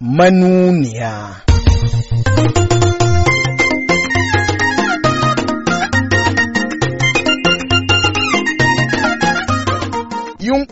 manuniya.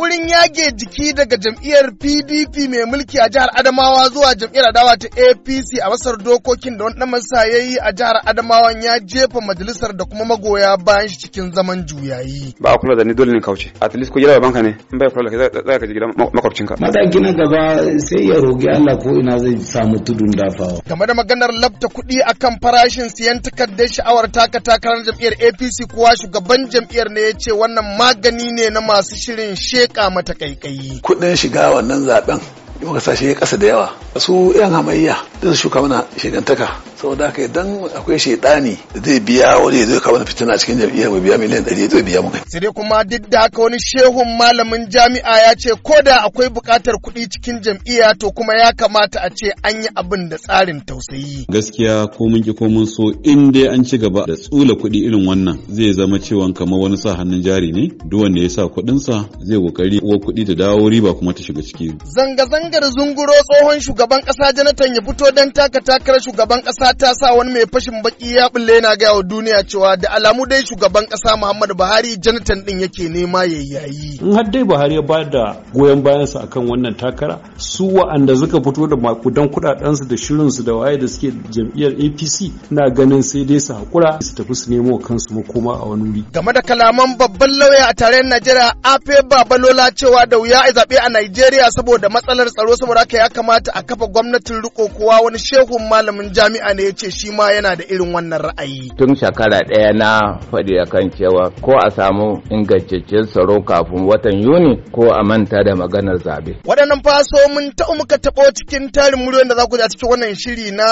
wurin yage jiki daga jam'iyyar PDP mai mulki a jihar Adamawa zuwa jam'iyyar adawa ta APC a masar dokokin da wani ɗan ya yi a jihar Adamawa ya jefa majalisar da kuma magoya bayan shi cikin zaman juyayi. Ba a kula da ni dole ne kauce. At least ko gida banka ne in bai kula da kai za ka ji gidan makwabcinka. Mataki na gaba sai ya roki Allah ko ina zai samu tudun dafawa. Game da maganar labta kuɗi akan farashin siyan takardar sha'awar taka takarar jam'iyyar APC kuwa shugaban jam'iyyar ne ya ce wannan magani ne na masu shirin shek. sheƙa mata kaikayi kuɗin shiga wannan zaben muka sashe ƙasa da yawa su 'yan hamayya da su shuka mana shigantaka saboda haka idan akwai shaidani zai biya wani zai kawo fitina cikin jam'iyyar mai biya miliyan ɗari zai biya mu sai dai kuma duk da haka wani shehun malamin jami'a ya ce ko da akwai buƙatar kuɗi cikin jam'iyya to kuma ya kamata a ce an yi abin da tsarin tausayi gaskiya ko mun ki ko mun so in dai an ci gaba da tsula kuɗi irin wannan zai zama cewa kamar wani sa hannun jari ne duk wanda ya sa kuɗinsa zai kokari uwar kuɗi ta dawo riba kuma ta shiga ciki zanga-zangar zunguro tsohon shugaban ƙasa janatan ya fito don taka takarar shugaban ƙasa kasa ta sa wani mai fashin baki ya bulle yana gaya wa duniya cewa da alamu dai shugaban kasa Muhammadu Buhari Jonathan din yake nema ya yayi. In har dai Buhari ya ba da goyon bayansa akan wannan takara su wa'anda suka fito da makudan kuɗaɗensu da shirinsu da waye da suke jam'iyyar APC na ganin sai dai su hakura su tafi su nemo kansu makoma a wani wuri. Game da kalaman babban lauya a tarayyar Najeriya Afe Babalola cewa da wuya a zaɓe a Najeriya saboda matsalar tsaro saboda haka ya kamata a kafa gwamnatin riko kowa wani shehun malamin jami'a ne ya ce shi ma yana da irin wannan ra'ayi. Tun shekara ɗaya na faɗi a kan cewa ko a samu ingantaccen tsaro kafin watan Yuni ko a manta da maganar zabe. Waɗannan faso mun taɓa muka taɓo cikin tarin muryoyin da za ku a cikin wannan shiri na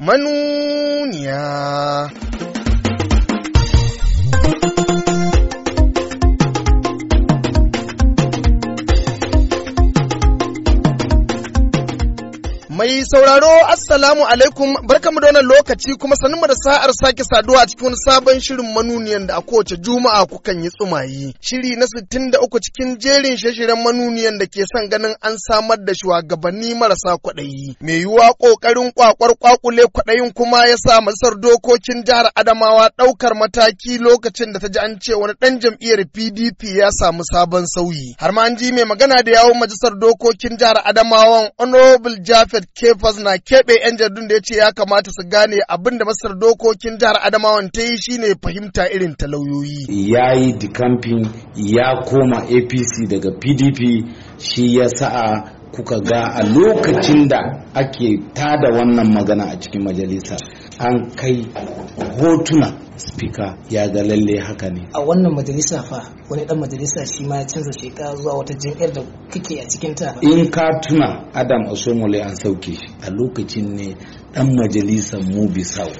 manuniya. Mai sauraro Assalamu alaikum barkamu da wannan lokaci kuma sanin da sa'ar sake saduwa a cikin wani sabon shirin manuniyan da a kowace juma'a kukan yi tsumayi. Shiri na sittin da uku cikin jerin shashiren manuniyan da ke son ganin an samar da shugabanni marasa kwaɗayi. Mai yiwuwa ƙoƙarin kwakwar kwakule kwaɗayin kuma ya sa masar dokokin jihar Adamawa ɗaukar mataki lokacin da ta ji an ce wani ɗan jam'iyyar PDP ya samu sabon sauyi. Har ma an ji mai magana da yawon majalisar dokokin jihar Adamawan Honorable Jafet Kefas na keɓe 'yan jaridun da ya ce ya kamata su gane abin da masar dokokin jihar Adamawan ta yi shine fahimta irin talauyoyi. Ya yi dikamfin ya koma APC daga PDP shi ya sa'a kuka ga a lokacin da ake tada wannan magana a cikin majalisa. an kai hotuna spika ya ga lalle haka ne a wannan majalisa fa wani dan majalisa shi ma ya canza sheka zuwa wata jam'iyyar da kake a cikin ta in ka tuna adam osomole an sauke shi a lokacin ne dan majalisa mu bisau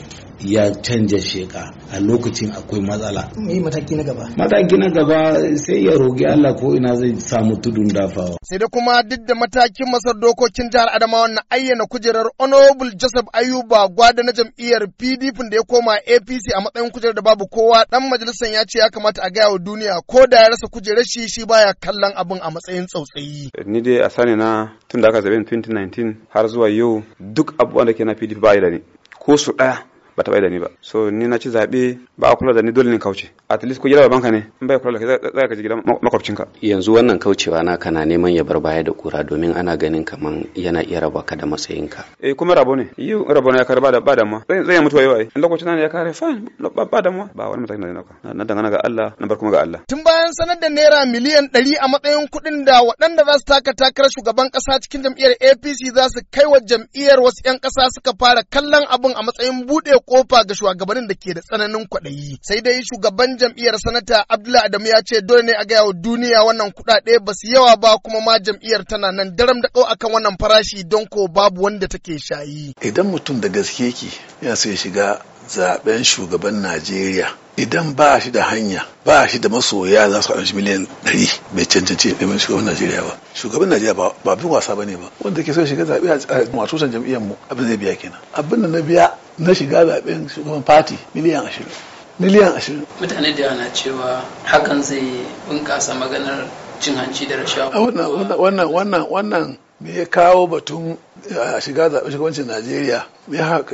ya canja sheka a lokacin akwai matsala Mai mataki na gaba mataki na gaba sai ya rogi Allah ko ina zai samu tudun dafawa sai da kuma duk da matakin masar dokokin jihar Adamawa na ayyana kujerar honorable Joseph Ayuba gwada na jam'iyyar PDP da ya koma APC a matsayin kujerar da babu kowa dan majalisar ya ce ya kamata a gaya wa duniya ko da ya rasa kujerar shi shi baya kallon abin a matsayin tsautsayi ni dai a sani na tun da aka zabe 2019 har zuwa yau duk abubuwan da ke na PDP ba da ne ko su ɗaya ba ta yi da ni ba so ni na ci zaɓe ba a kula da ni dole ne kauce at least ko gida banka ne in bai kula da kai za ka ji gidan makwabcinka yanzu wannan kaucewa na kana neman ya bar baya da kura domin ana ganin kaman yana iya raba ka da matsayinka eh kuma rabo ne yi rabo ne ya karba da ba da ma zai mutuwa yau ai in lokacin ya kare fine ba da ma ba wani mutane da naka na dangana ga Allah na bar kuma ga Allah tun bayan sanar da naira miliyan 100 a matsayin kuɗin da waɗanda za su taka takarar shugaban ƙasa cikin jam'iyyar APC za su kai wa jam'iyyar wasu 'yan ƙasa suka fara kallon abin a matsayin buɗe kofa ga shugabannin da ke da tsananin kwaɗayi. Sai dai shugaban jam'iyyar sanata Abdullahi Adamu ya ce dole ne a gaya wa duniya wannan kuɗaɗe ba su yawa ba kuma ma jam'iyyar tana nan daram da ƙau akan wannan farashi don ko babu wanda take shayi. Idan mutum da gaske ki ya sai shiga zaben shugaban Najeriya idan ba shi da hanya ba shi da masoya za su amshi miliyan 100 bai cancanci ya mai shugaban Najeriya ba shugaban Najeriya ba bin wasa ba ne ba wanda ke so shiga zaɓe a matusan jam'iyyar mu abin zai biya kenan abin da na biya na shiga zaben shugaban fati miliyan ashirin miliyan ashirin mutane da na cewa hakan zai bunkasa maganar cin hanci da rashawa wannan wannan wannan wannan me ya kawo batun eh, shiga zaben shugabancin najeriya me ya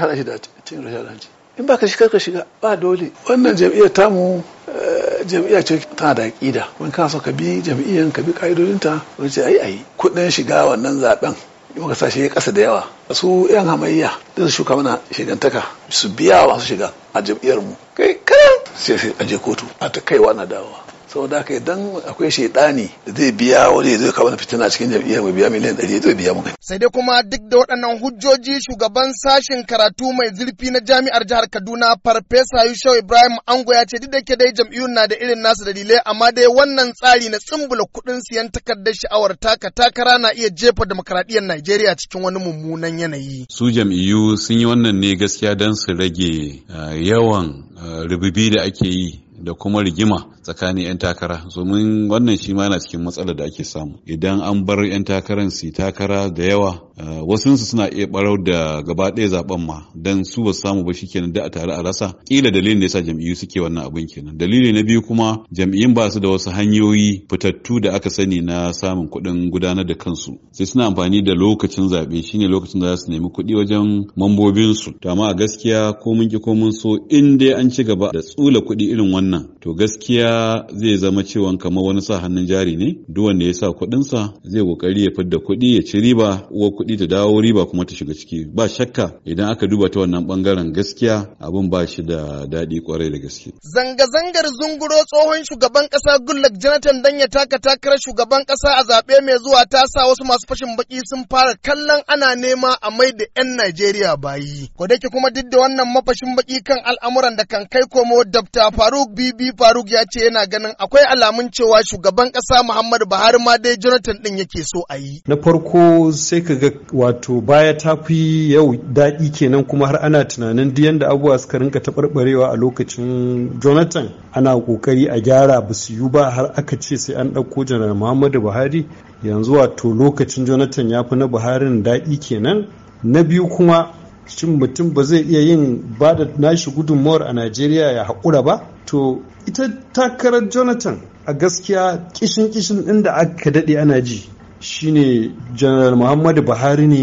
hada shi da cin rashawa da hanci in ba ka shiga ka shiga ba dole wannan jam'iyyar tamu eh, jam'iyyar ce tana da aƙida wani ka so ka bi jam'iyyar ka bi ƙa'idodinta wani ce ai ai kuɗin shiga wannan zaben kuma sashe ya kasa da yawa su yan hamayya da su shuka mana shigantaka su biya masu shiga a jam'iyyar mu kai kai sai a je kotu a ta kaiwa na dawowa saboda haka idan akwai shaidani da zai biya wani zai kawo fitina cikin jam'iyyar mai biya miliyan ɗari zai biya muka. sai dai kuma duk da waɗannan hujjoji shugaban sashen karatu mai zurfi na jami'ar jihar Kaduna farfesa yusuf Ibrahim Ango ya ce duk da ke dai jam'iyyun na da irin nasu dalilai amma dai wannan tsari na tsumbula kuɗin siyan takardar sha'awar taka takara na iya jefa demokradiyyar Najeriya cikin wani mummunan yanayi su jam'iyyu sun yi wannan ne gaskiya don su rage eh, yawan eh, rububi da ake yi da kuma rigima tsakanin 'yan takara domin wannan shi ma yana cikin matsalar da ake samu idan an bar 'yan takarar su takara da yawa Eh, wasu suna iya barau da gaba ɗaya zaben ma dan su ba samu ba shikenan da a tare a rasa kila dalilin da yasa jam'iyyu suke wannan abin kenan dalili na biyu kuma jam'iyyun ba su da wasu hanyoyi fitattu da aka sani na samun kuɗin gudanar da kansu sai suna amfani da lokacin zaɓe shine lokacin da za su nemi kuɗi wajen mambobinsu to amma a gaskiya ko mun ki ko mun so in dai an ci gaba da tsula kuɗi irin wannan to gaskiya zai zama cewa kamar wani sa hannun jari ne duk wanda ya sa kuɗinsa zai kokari ya fidda kuɗi ya ci riba uwar kuɗi kuɗi ta dawo riba kuma ta shiga ciki ba shakka idan aka duba ta wannan bangaren gaskiya abin ba shi da daɗi kwarai da gaske. Zanga-zangar zunguro tsohon shugaban ƙasa gullak Jonathan dan ya taka takarar shugaban ƙasa a zaɓe mai zuwa ta sa wasu masu fashin baki sun fara kallon ana nema a mai da 'yan Najeriya bayi. Kodake kuma duk da wannan mafashin baki kan al'amuran da kan kai komo Dabta, Faruk Bibi Faruk ya ce yana ganin akwai alamun cewa shugaban ƙasa Muhammadu Buhari ma dai Jonathan ɗin yake so a yi. Na farko sai ka ga wato baya ta fi yau daɗi kenan kuma har ana tunanin duk yanda abubuwa suka rinka taɓarɓarewa a lokacin jonathan ana ƙoƙari a gyara ba su yi ba har aka ce sai an ɗauko janar muhammadu buhari yanzu wato lokacin jonathan ya fi na buharin daɗi kenan na biyu kuma shin mutum ba zai iya yin ba da nashi gudunmawar a najeriya ya haƙura ba to ita takarar jonathan a gaskiya kishin kishin ɗin da aka daɗe ana ji shine general muhammadu buhari ne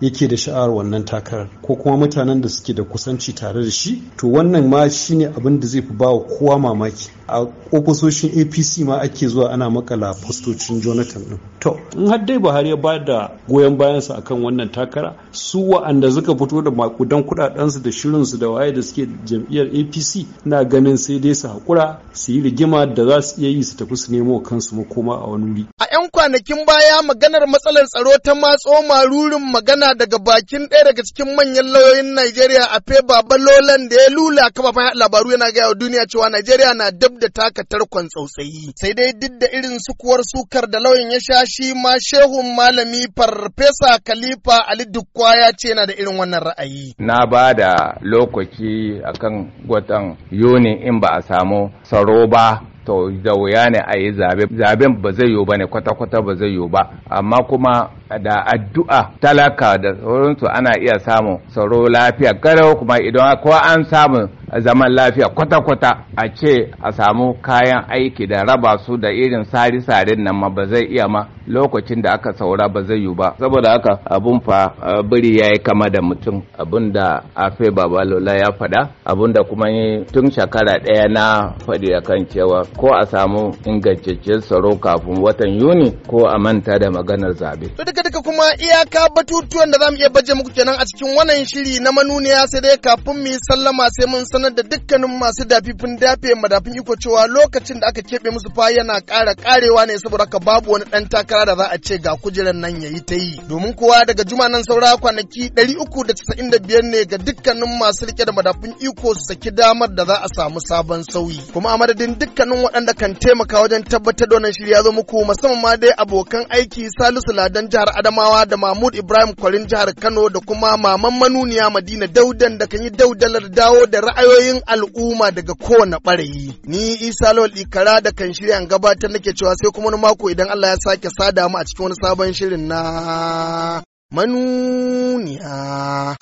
yake da sha'awar wannan takarar ko kuma mutanen da suke da kusanci tare da shi to wannan ma shine abin da zai fi ba wa kowa mamaki a ofisoshin apc ma ake zuwa ana makala fastocin jonathan din to in har dai buhari ya ba da goyon bayansa akan wannan takara su wa'anda suka fito da makudan kudadensu da shirinsu da waye da suke jam'iyyar apc na ganin sai dai su hakura su yi rigima da za su iya yi su tafi su nemo kansu makoma a wani wuri a 'yan kwanakin baya maganar matsalar tsaro ta matso marurin magana magana daga bakin ɗaya daga cikin manyan lauyoyin Najeriya a fe Babalolan da ya lula kafafen labaru yana gaya wa duniya cewa Najeriya na dab da taka tarkon tsautsayi. Sai dai duk da irin sukuwar sukar da lauyan ya sha shi ma shehun malami farfesa kalifa Ali Dukwa ya ce yana da irin wannan ra'ayi. Na ba da lokaci akan gwatan Yuni in ba a samu tsaro ba to da wuya ne a yi zaɓe, zaben ba zai yiwu ba ne kwata-kwata ba zai yiwu ba amma kuma da addu'a talaka da sauransu ana iya samun tsaro lafiya garau kuma idan ko an samu zaman lafiya kwata-kwata a ce a samu kayan aiki da raba su da irin sari-sarin nan ma ba zai iya ma lokacin da aka saura ba zai yi ba saboda haka abun fa biri ya yi kama da mutum abun da afe babalola ya faɗa abun da kuma tun shekara ɗaya na faɗi a kan cewa ko a samu ingantaccen tsaro kafin watan yuni ko a manta da maganar zabe. duka duka kuma iyaka batutuwan da za mu iya baje muku kenan a cikin wannan shiri na manuniya sai dai kafin mu yi sallama sai mun sanar da dukkanin masu dafifin dafe madafin iko cewa lokacin da aka keɓe musu fa yana ƙara ƙarewa ne saboda haka babu wani ɗan takara da za a ce ga kujeran nan ya yi ta yi domin kuwa daga juma nan saura kwanaki ɗari uku da casa'in da biyar ne ga dukkanin masu riƙe da madafin iko su saki damar da za a samu sabon sauyi kuma a madadin dukkanin waɗanda kan taimaka wajen tabbatar da wannan shiri ya zo muku musamman ma dai abokan aiki Salisu Ladan jihar jihar Adamawa da Mahmud Ibrahim Kwalin jihar Kano da kuma Maman Manuniya Madina Daudan da kan yi daudalar dawo da ra'ayoyin al'umma daga kowane ɓarayi. Ni Isa Lawal Ikara da kan shirya gabatar nake cewa sai kuma wani mako idan Allah ya sake sada mu a cikin wani sabon shirin na manuniya.